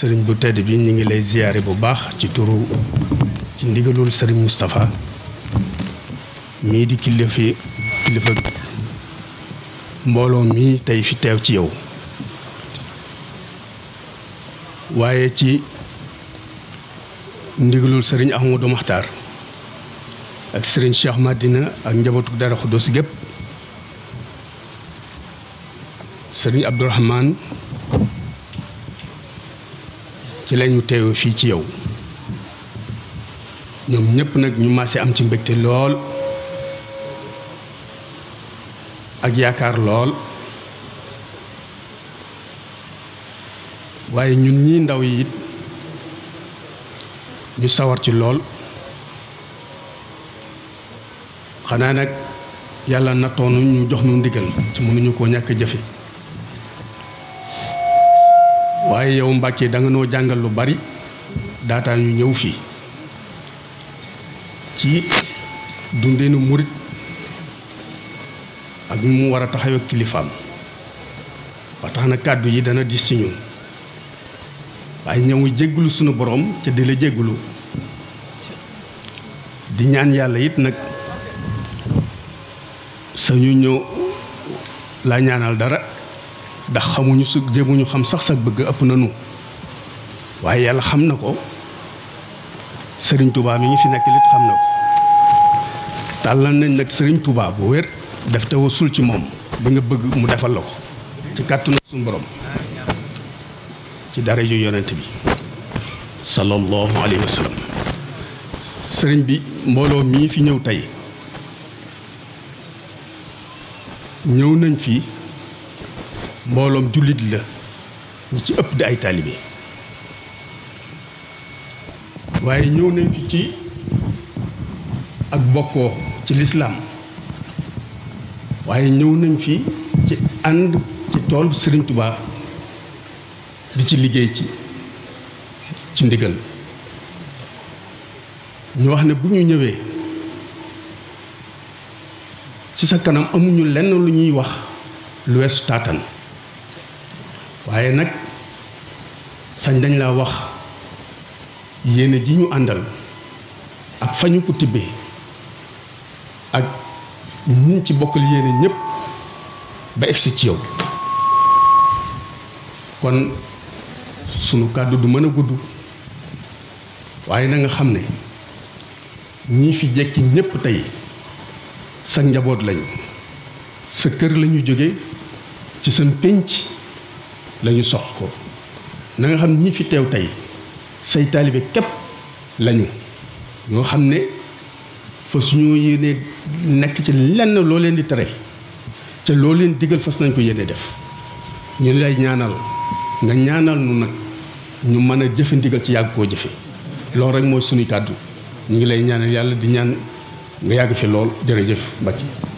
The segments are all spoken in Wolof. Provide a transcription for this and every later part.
sëriñ bu tedd bi ñu ngi lay ziyaare bu baax ci turu ci ndigalul sëriñ Moustapha mii di kilifi kilifa mbooloo mi tey fi teew ci yow waaye ci ndigalul sëriñ Ahmadou Maxtaar ak sëriñ Cheikh Madina ak njabootu Dara Xuddoos gépp sëriñ Abdourahman ci lañu teew fii ci yow ñoom ñépp nag ñu maase am ci mbégte lool ak yaakaar lool waaye ñun ñi ndaw yi it ñu sawar ci lool xanaa nag yàlla nattoonu ñu jox nu ndigal ci mënuñu koo ñàkk jëfe waaye yow Mbàkke da noo jàngal lu bari daataa ñu ñëw fii ci dundinu murit ak mu war a taxawee kilifaam ba tax na kàddu yi dana dis ci ñun waaye ñëw jégglu sunu boroom ca di la di ñaan yàlla it nag sañu ñëw la ñaanal dara ndax xamuñu su jéemuñu xam sax sax bëgg ëpp na nu waaye yàlla xam na ko sëriñ Touba mi ngi fi nekk li xam na ko tàllal nañ nag sëriñ Touba bu wér def te ci moom bi nga bëgg mu defal la ko ci kàttanu suñu borom ci dara ju yonent bi sallallahu alayhi wa sëriñ bi mbooloo mii fi ñëw tey ñëw nañ fii mbooloom jullit la ñi ci ëpp di ay taalibe waaye ñëw nañ fi ci ak bokkoo ci lislaam waaye ñëw nañ fi ci ànd ci tool Sëriñ Tuubaa di ci liggéey ci ci ndigal ñu wax ne bu ñu ñëwee ci sa kanam amuñu lenn lu ñuy wax lu weesu taatan waaye nag sañ dañ laa wax yéene ji ñu àndal ak fa ñu ko tibbee ak ñun ci bokkal yéene ñépp ba egsi ci yow kon sunu kàddu du mën a gudd waaye na nga xam ne ñii fi jekki ñépp tey sa njaboot lañu sa kër lañu jóge ci seen pénc lañu ñu sox ko nanga xam ñi fi teew tey say taalibe képp lañu ñoo xam ne fas ñu yéene nekk ci lenn loo leen di tere ca loo leen digal fas nañ ko yéene def ñu lay ñaanal nga ñaanal nu nag ñu mën a jëfe ndigal ci yàgg koo jëfe loolu rek mooy suñuy kàddu ñu ngi lay ñaanal yàlla di ñaan nga yàgg fi lool jërëjëf Mbacke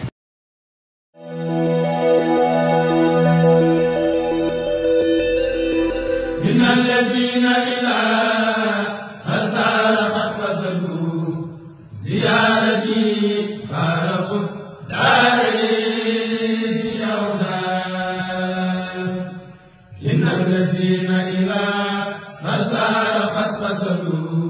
إن الذين إلى خسارة قد وصلوا زيارتي فارقوا داري في أوزان إن الذين إلى خسارة قد وصلوا